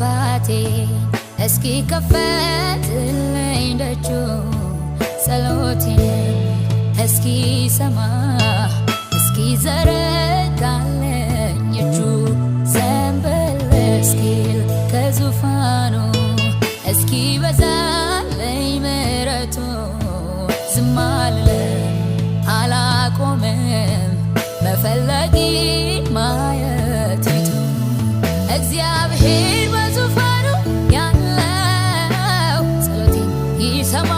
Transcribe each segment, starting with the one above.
መርኳቴ እስኪ ከፈትልኝ ደጁ ጸሎቴ እስኪ ሰማ እስኪ ዘረጋለኝ እጁ ዘንበል እስኪል ከዙፋኑ እስኪ በዛለኝ ምሕረቱ ዝም አልልም አላቆምም መፈለጊ ማ እግዚአብሔር በዙፋኑ ያለው ጸሎቴን ይሰማል።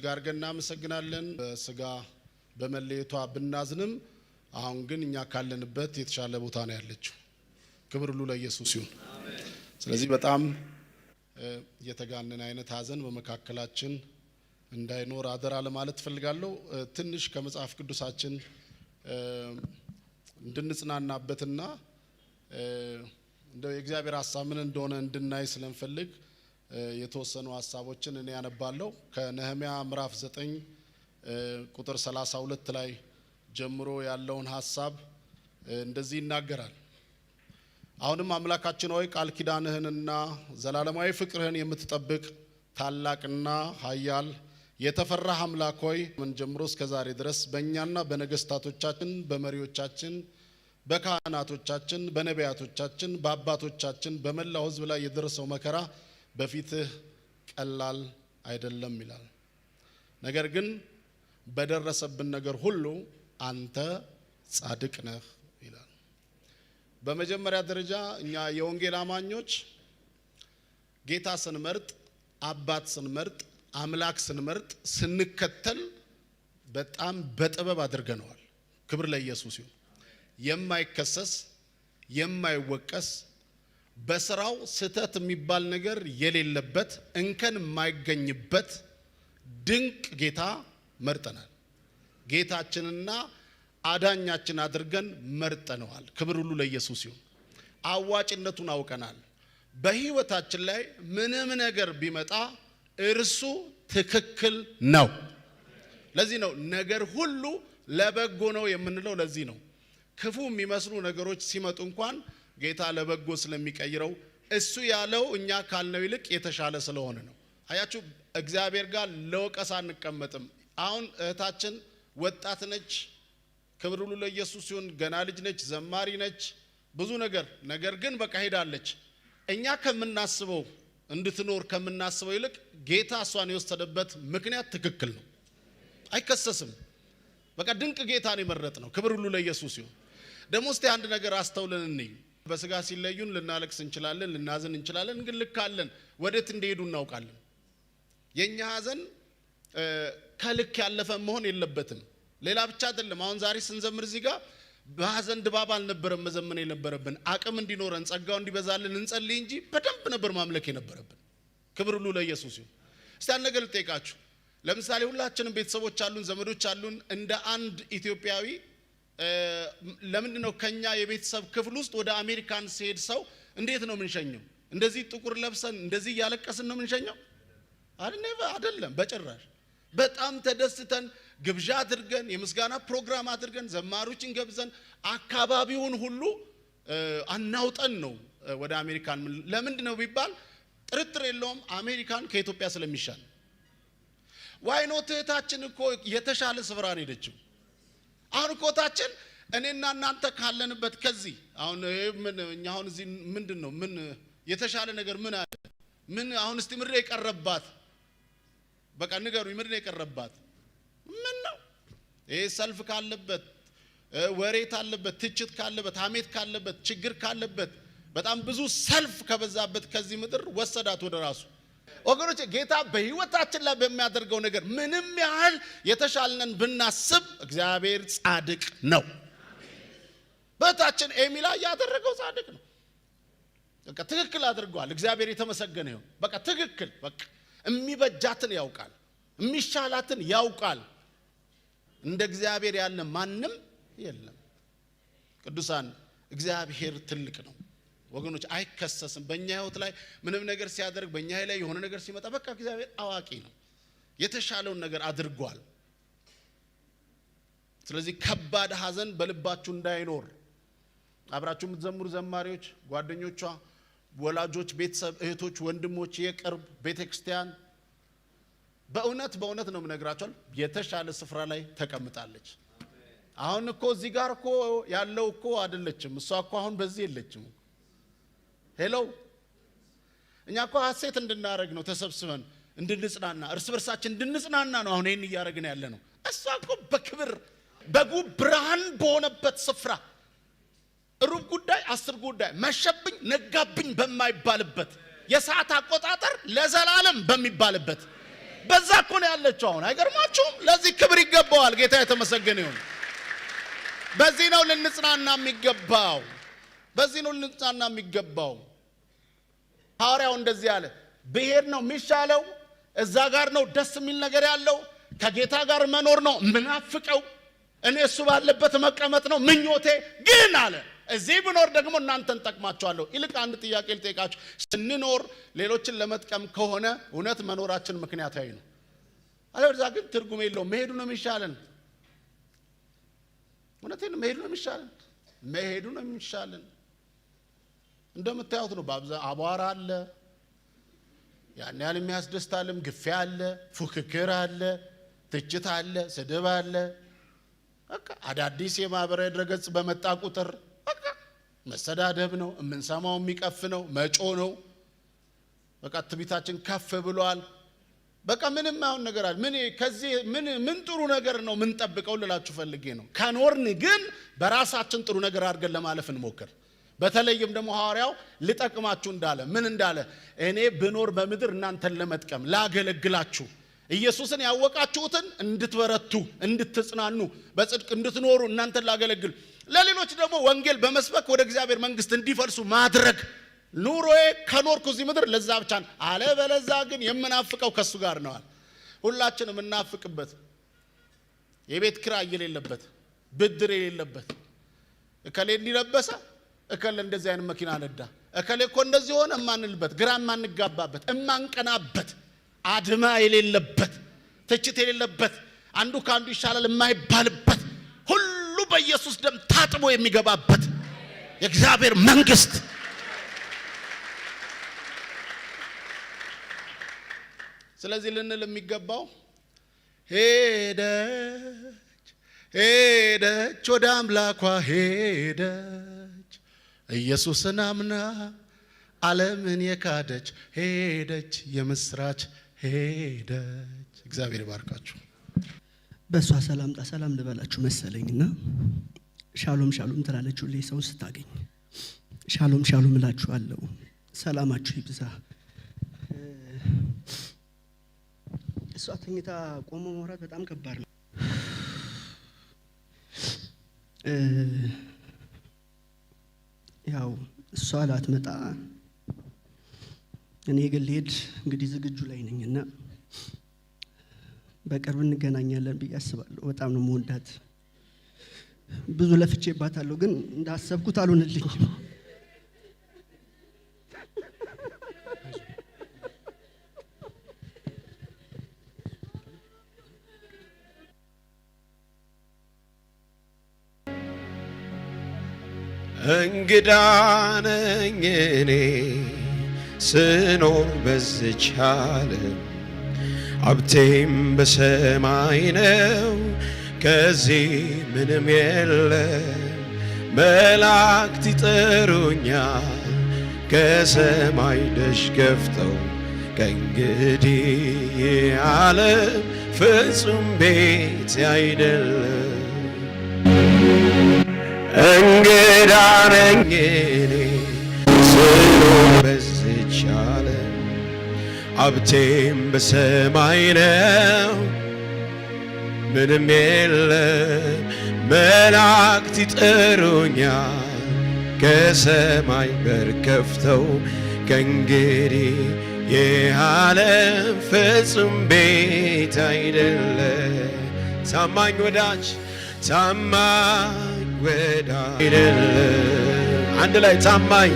እጅግ አድርገን እናመሰግናለን። በስጋ በመለየቷ ብናዝንም አሁን ግን እኛ ካለንበት የተሻለ ቦታ ነው ያለችው። ክብር ሁሉ ለኢየሱስ ይሁን። ስለዚህ በጣም የተጋነን አይነት ሀዘን በመካከላችን እንዳይኖር አደራ ለማለት እፈልጋለሁ። ትንሽ ከመጽሐፍ ቅዱሳችን እንድንጽናናበትና እንደው የእግዚአብሔር ሀሳብ ምን እንደሆነ እንድናይ ስለምፈልግ የተወሰኑ ሀሳቦችን እኔ ያነባለሁ። ከነህሚያ ምዕራፍ 9 ቁጥር 32 ላይ ጀምሮ ያለውን ሀሳብ እንደዚህ ይናገራል። አሁንም አምላካችን ሆይ ቃል ኪዳንህንና ዘላለማዊ ፍቅርህን የምትጠብቅ ታላቅና ኃያል የተፈራህ አምላክ ሆይ ምን ጀምሮ እስከ ዛሬ ድረስ በእኛና በነገስታቶቻችን፣ በመሪዎቻችን፣ በካህናቶቻችን፣ በነቢያቶቻችን፣ በአባቶቻችን፣ በመላው ሕዝብ ላይ የደረሰው መከራ በፊትህ ቀላል አይደለም ይላል። ነገር ግን በደረሰብን ነገር ሁሉ አንተ ጻድቅ ነህ ይላል። በመጀመሪያ ደረጃ እኛ የወንጌል አማኞች ጌታ ስንመርጥ፣ አባት ስንመርጥ፣ አምላክ ስንመርጥ፣ ስንከተል በጣም በጥበብ አድርገነዋል። ክብር ለኢየሱስ ይሁን። የማይከሰስ የማይወቀስ በስራው ስህተት የሚባል ነገር የሌለበት እንከን የማይገኝበት ድንቅ ጌታ መርጠናል። ጌታችንና አዳኛችን አድርገን መርጠነዋል። ክብር ሁሉ ለኢየሱስ ይሁን። አዋጭነቱን አውቀናል። በህይወታችን ላይ ምንም ነገር ቢመጣ እርሱ ትክክል ነው። ለዚህ ነው ነገር ሁሉ ለበጎ ነው የምንለው። ለዚህ ነው ክፉ የሚመስሉ ነገሮች ሲመጡ እንኳን ጌታ ለበጎ ስለሚቀይረው እሱ ያለው እኛ ካልነው ይልቅ የተሻለ ስለሆነ ነው። አያችሁ፣ እግዚአብሔር ጋር ለወቀሳ አንቀመጥም። አሁን እህታችን ወጣት ነች፣ ክብር ሁሉ ለኢየሱስ ሲሆን ገና ልጅ ነች፣ ዘማሪ ነች፣ ብዙ ነገር ነገር ግን በቃ ሄዳለች። እኛ ከምናስበው እንድትኖር ከምናስበው ይልቅ ጌታ እሷን የወሰደበት ምክንያት ትክክል ነው። አይከሰስም። በቃ ድንቅ ጌታን የመረጥ ነው። ክብር ሁሉ ለኢየሱስ ሲሆን ደግሞ እስቲ አንድ ነገር አስተውለን እንይ። በስጋ ሲለዩን ልናለቅስ እንችላለን፣ ልናዝን እንችላለን። ግን ልካለን ወዴት እንደሄዱ እናውቃለን። የእኛ ሀዘን ከልክ ያለፈ መሆን የለበትም። ሌላ ብቻ አይደለም። አሁን ዛሬ ስንዘምር እዚህ ጋር በሀዘን ድባብ አልነበረም መዘመን የነበረብን። አቅም እንዲኖረን ጸጋው እንዲበዛልን እንጸልይ እንጂ በደንብ ነበር ማምለክ የነበረብን። ክብር ሁሉ ለኢየሱስ ይሁን። እስቲ አንድ ነገር ልጠይቃችሁ። ለምሳሌ ሁላችንም ቤተሰቦች አሉን፣ ዘመዶች አሉን። እንደ አንድ ኢትዮጵያዊ ለምንድን ነው ከኛ የቤተሰብ ክፍል ውስጥ ወደ አሜሪካን ሲሄድ ሰው እንዴት ነው የምንሸኘው? እንደዚህ ጥቁር ለብሰን እንደዚህ እያለቀስን ነው የምንሸኘው? አይደለም፣ በጭራሽ። በጣም ተደስተን ግብዣ አድርገን የምስጋና ፕሮግራም አድርገን ዘማሪዎችን ገብዘን አካባቢውን ሁሉ አናውጠን ነው ወደ አሜሪካን። ለምንድን ነው ቢባል ጥርጥር የለውም አሜሪካን ከኢትዮጵያ ስለሚሻል። ዋይኖት እህታችን እኮ የተሻለ ስፍራን ሄደችው። አርቆታችን እኔና እናንተ ካለንበት ከዚህ አሁን ምን እኛ አሁን እዚህ ምንድን ነው ምን የተሻለ ነገር ምን አለ? ምን አሁን እስቲ ምድር የቀረባት በቃ ንገሩኝ፣ ነው የቀረባት ምን ነው? ይሄ ሰልፍ ካለበት ወሬት አለበት ትችት ካለበት ሐሜት ካለበት ችግር ካለበት በጣም ብዙ ሰልፍ ከበዛበት ከዚህ ምድር ወሰዳት ወደ ራሱ። ወገኖች ጌታ በህይወታችን ላይ በሚያደርገው ነገር ምንም ያህል የተሻልነን ብናስብ እግዚአብሔር ጻድቅ ነው። በታችን ኤሚላ ያደረገው ጻድቅ ነው። በቃ ትክክል አድርገዋል። እግዚአብሔር የተመሰገነ ይሁን። በቃ ትክክል በቃ የሚበጃትን ያውቃል፣ የሚሻላትን ያውቃል። እንደ እግዚአብሔር ያለ ማንም የለም። ቅዱሳን እግዚአብሔር ትልቅ ነው። ወገኖች አይከሰስም። በእኛ ህይወት ላይ ምንም ነገር ሲያደርግ በእኛ ላይ የሆነ ነገር ሲመጣ በቃ እግዚአብሔር አዋቂ ነው፣ የተሻለውን ነገር አድርጓል። ስለዚህ ከባድ ሀዘን በልባችሁ እንዳይኖር አብራችሁ የምትዘምሩ ዘማሪዎች፣ ጓደኞቿ፣ ወላጆች፣ ቤተሰብ፣ እህቶች፣ ወንድሞች፣ የቅርብ ቤተ ክርስቲያን በእውነት በእውነት ነው የምነግራቸዋል። የተሻለ ስፍራ ላይ ተቀምጣለች። አሁን እኮ እዚህ ጋር እኮ ያለው እኮ አይደለችም። እሷ እኮ አሁን በዚህ የለችም። ሄሎ እኛ እኮ ሀሴት እንድናደርግ ነው ተሰብስበን እንድንጽናና እርስ በርሳችን እንድንጽናና ነው አሁን ይህን እያደረግን ያለ ነው። እሷ እኮ በክብር በጉ ብርሃን በሆነበት ስፍራ ሩብ ጉዳይ አስር ጉዳይ መሸብኝ ነጋብኝ በማይባልበት የሰዓት አቆጣጠር ለዘላለም በሚባልበት በዛ እኮ ነው ያለችው። አሁን አይገርማችሁም? ለዚህ ክብር ይገባዋል። ጌታ የተመሰገነ ይሁን። በዚህ ነው ልንጽናና የሚገባው። በዚህ ነው ልንጽናና የሚገባው። ሐዋርያው እንደዚህ አለ፣ ብሔር ነው የሚሻለው፣ እዛ ጋር ነው ደስ የሚል ነገር ያለው፣ ከጌታ ጋር መኖር ነው ምናፍቀው፣ እኔ እሱ ባለበት መቀመጥ ነው ምኞቴ። ግን አለ እዚህ ብኖር ደግሞ እናንተን ጠቅማቸዋለሁ። ይልቅ አንድ ጥያቄ ልጠይቃችሁ። ስንኖር ሌሎችን ለመጥቀም ከሆነ እውነት መኖራችን ምክንያታዊ ነው። አለበለዚያ ግን ትርጉም የለውም። መሄዱ ነው የሚሻለን። እውነቴን መሄዱ ነው የሚሻለን። መሄዱ ነው የሚሻለን። እንደምታዩት ነው። በአብዛኛው አቧራ አለ፣ ያን ያህል የሚያስደስት አለም፣ ግፊያ አለ፣ ፉክክር አለ፣ ትችት አለ፣ ስድብ አለ። አዳዲስ የማህበራዊ ድረገጽ በመጣ ቁጥር በቃ መሰዳደብ ነው የምንሰማው፣ የሚቀፍ ነው መጮ ነው። በቃ ትቢታችን ከፍ ብሏል። በቃ ምንም አሁን ነገር አለ ምን ከዚህ ምን ምን ጥሩ ነገር ነው ምን ጠብቀው ልላችሁ ፈልጌ ነው። ከኖርን ግን በራሳችን ጥሩ ነገር አድርገን ለማለፍ እንሞክር። በተለይም ደግሞ ሐዋርያው ልጠቅማችሁ እንዳለ ምን እንዳለ እኔ ብኖር በምድር እናንተን ለመጥቀም ላገለግላችሁ ኢየሱስን ያወቃችሁትን እንድትበረቱ እንድትጽናኑ በጽድቅ እንድትኖሩ እናንተን ላገለግል ለሌሎች ደግሞ ወንጌል በመስበክ ወደ እግዚአብሔር መንግስት እንዲፈልሱ ማድረግ ኑሮዬ ከኖርኩ እዚህ ምድር ለዛ ብቻ አለ በለዛ ግን የምናፍቀው ከእሱ ጋር ነዋል። ሁላችን የምናፍቅበት የቤት ኪራይ የሌለበት ብድር የሌለበት እከሌ እንዲለበሰ እከለ እንደዚህ አይነት መኪና ነዳ፣ እከሌ እኮ እንደዚህ ሆነ እማንልበት፣ ግራ እማንጋባበት፣ እማንቀናበት፣ አድማ የሌለበት፣ ትችት የሌለበት፣ አንዱ ከአንዱ ይሻላል የማይባልበት፣ ሁሉ በኢየሱስ ደም ታጥቦ የሚገባበት የእግዚአብሔር መንግስት ስለዚህ ልንል የሚገባው ሄደች ሄደች ወደ አምላኳ ሄደ ኢየሱስን አምና ዓለምን የካደች ሄደች፣ የምስራች ሄደች። እግዚአብሔር ይባርካችሁ። በእሷ ሰላምጣ ሰላም ልበላችሁ መሰለኝና ሻሎም ሻሎም ትላለች ሁሌ ሰው ስታገኝ ሻሎም ሻሎም እላችኋለሁ። ሰላማችሁ ይብዛ። እሷ ተኝታ ቆሞ መውራት በጣም ከባድ ነው። ያው እሷ ላትመጣ እኔ ግን ልሄድ እንግዲህ ዝግጁ ላይ ነኝ እና በቅርብ እንገናኛለን ብዬ አስባለሁ። በጣም ነው መወዳት። ብዙ ለፍቼ ለፍቼባታለሁ፣ ግን እንዳሰብኩት አልሆንልኝም። እንግዳ ነኝ እኔ ስኖር በዝች ዓለም ሀብቴም በሰማይ ነው ከዚህ ምንም የለም። መላእክት ይጠሩኛል ከሰማይ ደጅ ገፍተው ከእንግዲህ የዓለም ፍጹም ቤት አይደለም እንግዳ ነኝ እኔ ስኖር በዚች ዓለም ሀብቴም በሰማይ ነው ምንም የለ መላእክት ይጠሩኛል ከሰማይ በር ከፍተው ከእንግዲህ የዓለም ፍጹም ቤት አይደለም ታማኝ ወዳጅ ታማኝ ወዳጅ አንድ ላይ ታማኝ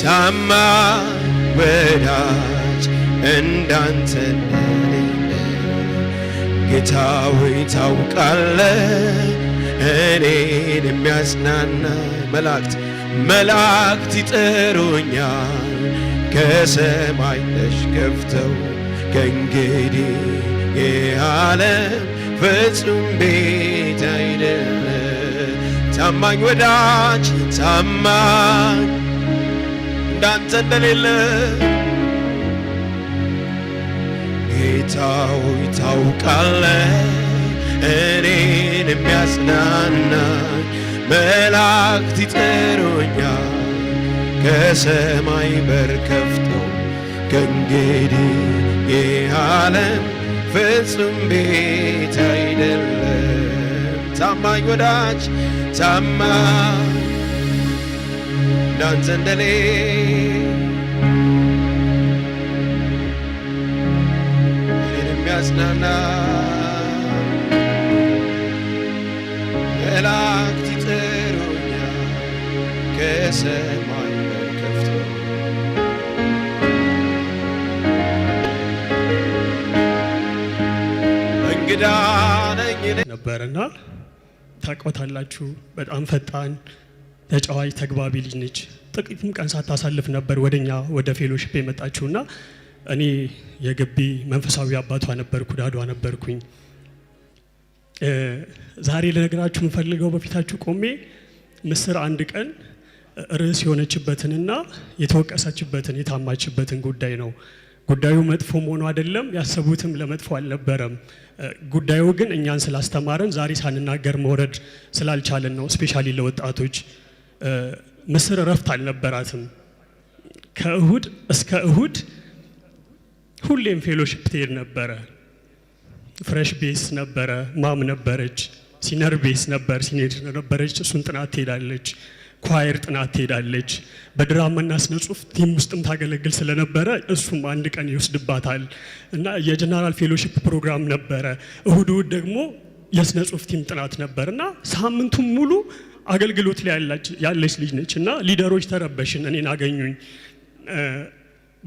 ታማኝ ወዳጅ እንዳንተ ጌታዊ ታውቃለ እኔን የሚያጽናና መላእክት መላእክት ይጠሩኛል ከሰማይ ተሽከፍተው ከእንግዲህ የዓለም ፍጹም ቤት አይደለም ታማኝ ወዳጅ ታማኝ እንዳንተ እንደሌለ ጌታው ይታውቃለ እኔን የሚያጽናና መላእክት ይጠሩኛል ከሰማይ በር ከፍተው ከእንግዲህ ይህ ፍጹም ቤት አይደለም ታማኝ ወዳጅ ታማኝ እንዳንተ እንደኔ የሚያጽናና መላእክት ይጠሩኛል ከሰማይ በር ከፍቶ እንግዳ ነኝ ነበርና ታቆታላችሁ። በጣም ፈጣን ተጫዋች፣ ተግባቢ ልጅ ነች። ጥቂትም ቀን ሳታሳልፍ ነበር ወደኛ ወደ ፌሎሽፕ የመጣችሁና እኔ የግቢ መንፈሳዊ አባቷ ነበርኩ፣ ዳዷ ነበርኩኝ። ዛሬ ልነግራችሁ የምፈልገው በፊታችሁ ቆሜ ምስር አንድ ቀን ርዕስ የሆነችበትንና የተወቀሰችበትን የታማችበትን ጉዳይ ነው። ጉዳዩ መጥፎ መሆኑ አይደለም፣ ያሰቡትም ለመጥፎ አልነበረም። ጉዳዩ ግን እኛን ስላስተማረን ዛሬ ሳንናገር መውረድ ስላልቻለን ነው። ስፔሻሊ ለወጣቶች ምስር እረፍት አልነበራትም። ከእሁድ እስከ እሁድ ሁሌም ፌሎሽፕ ትሄድ ነበረ። ፍሬሽ ቤስ ነበረ፣ ማም ነበረች፣ ሲነር ቤስ ነበር፣ ሲኔድ ነበረች። እሱን ጥናት ትሄዳለች። ኳየር ጥናት ትሄዳለች። በድራማና ስነ ጽሁፍ ቲም ውስጥም ታገለግል ስለነበረ እሱም አንድ ቀን ይወስድባታል እና የጀነራል ፌሎሺፕ ፕሮግራም ነበረ። እሁድ እሁድ ደግሞ የስነ ጽሁፍ ቲም ጥናት ነበር እና ሳምንቱን ሙሉ አገልግሎት ላይ ያለች ልጅ ነች እና ሊደሮች ተረበሽን፣ እኔን አገኙኝ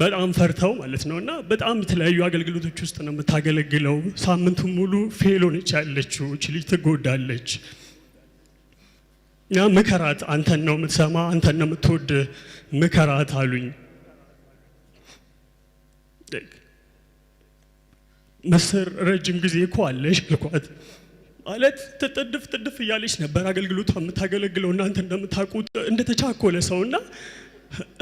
በጣም ፈርተው ማለት ነው እና በጣም የተለያዩ አገልግሎቶች ውስጥ ነው የምታገለግለው። ሳምንቱን ሙሉ ፌሎ ነች ያለችው ልጅ ትጎዳለች። ያ ምከራት፣ አንተን ነው የምትሰማ፣ አንተን ነው የምትወድ፣ ምከራት አሉኝ። መስር ረጅም ጊዜ እኮ አለሽ አልኳት። ማለት ትጥድፍ ጥድፍ እያለች ነበር አገልግሎቷ የምታገለግለው እናንተ እንደምታውቁት እንደተቻኮለ ሰው እና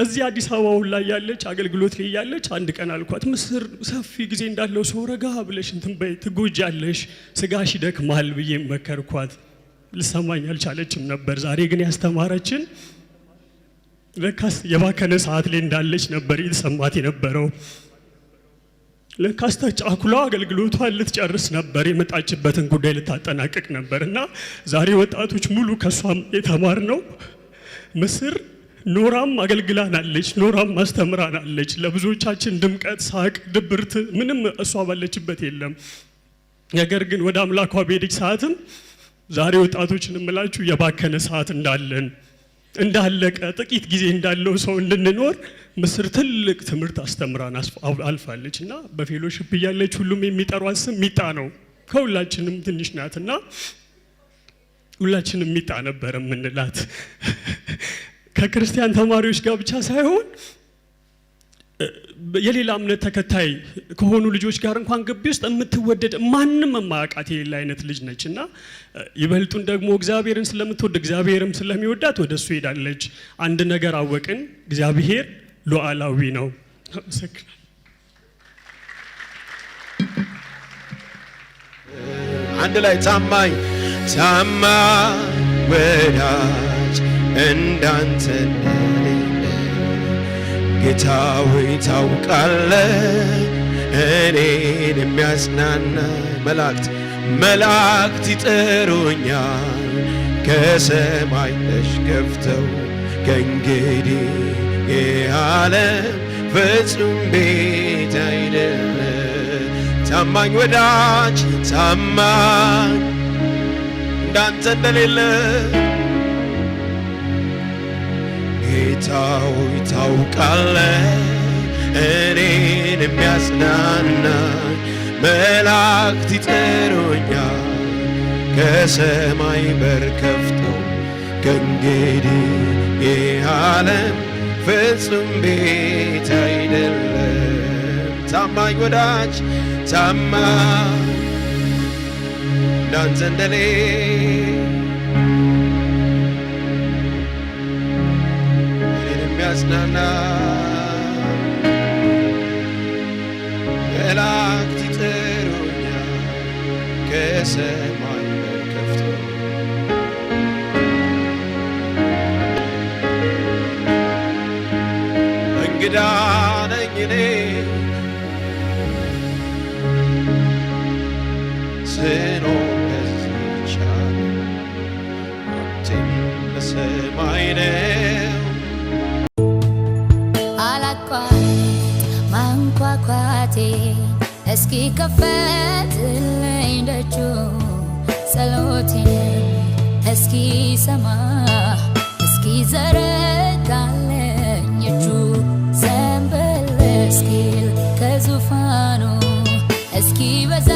እዚህ አዲስ አበባውን ላይ ያለች አገልግሎት ላይ ያለች አንድ ቀን አልኳት፣ ምስር ሰፊ ጊዜ እንዳለው ሰው ረጋ ብለሽ እንትን በይ ትጎጃለሽ፣ ስጋሽ ይደክማል ብዬ መከርኳት። ልሰማኝ አልቻለችም ነበር። ዛሬ ግን ያስተማረችን ለካስ የባከነ ሰዓት ላይ እንዳለች ነበር የተሰማት የነበረው። ለካስ ተጫኩላ አገልግሎቷን ልትጨርስ ነበር፣ የመጣችበትን ጉዳይ ልታጠናቅቅ ነበር እና ዛሬ ወጣቶች ሙሉ ከእሷም የተማር ነው ምስር ኖራም አገልግላናለች፣ ኖራም ማስተምራናለች። ለብዙዎቻችን ድምቀት፣ ሳቅ፣ ድብርት ምንም እሷ ባለችበት የለም። ነገር ግን ወደ አምላኳ በሄደች ሰዓትም ዛሬ ወጣቶችን እምላችሁ የባከነ ሰዓት እንዳለን እንዳለቀ ጥቂት ጊዜ እንዳለው ሰው እንድንኖር ምስር ትልቅ ትምህርት አስተምራን አልፋለች እና በፌሎሽፕ እያለች ሁሉም የሚጠሯን ስም ሚጣ ነው። ከሁላችንም ትንሽ ናትና ሁላችንም ሚጣ ነበር የምንላት ከክርስቲያን ተማሪዎች ጋር ብቻ ሳይሆን የሌላ እምነት ተከታይ ከሆኑ ልጆች ጋር እንኳን ግቢ ውስጥ የምትወደድ ማንም የማያውቃት የሌላ አይነት ልጅ ነች እና ይበልጡን ደግሞ እግዚአብሔርን ስለምትወድ እግዚአብሔርም ስለሚወዳት ወደ እሱ ሄዳለች። አንድ ነገር አወቅን፣ እግዚአብሔር ሉዓላዊ ነው። አመሰግናል። አንድ ላይ ታማኝ ታማ ወዳጅ እንዳንተ ጌታ ሆይ ታውቃለ እኔን የሚያጽናና መላእክት መላእክት ይጠሩኛል ከሰማይ ከፍተው ከእንግዲህ የዓለም ፍጹም ቤት አይደለ ታማኝ ወዳጅ ታማኝ እንዳንተ እንደሌለ ጌታው ታውቃለ እኔን የሚያጽናና መላእክት ይጠሩኛል ከሰማይ በር ከፍቶ ከእንግዲህ ይህ ዓለም ፍጹም ቤት አይደለም። ታማኝ ወዳጅ ታማኝ እንዳንተ እንደኔ ያጽናና መላእክት ይጠሩኛል ከሰማይ በር ከፍቶ እንግዳ ነኝ እኔ ኃጢአቴ እስኪ ከፈትልኝ ደጁ ጸሎቴን እስኪ ሰማ እስኪ ዘረጋልኝ እጁ ዘንበል እስኪል ከዙፋኑ እስኪ በዛ